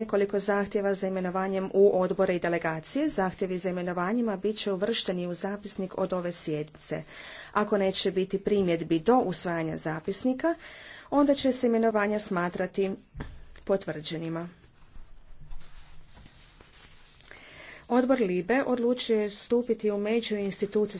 nekoliko zahtjeva za imenovanjem u odbore i delegacije. Zahtjevi za imenovanjima bit će uvršteni u zapisnik od ove sjednice. Ako neće biti primjedbi do usvajanja zapisnika, onda će se imenovanja smatrati potvrđenima. Odbor LIBE odlučuje stupiti u međuinstitucijski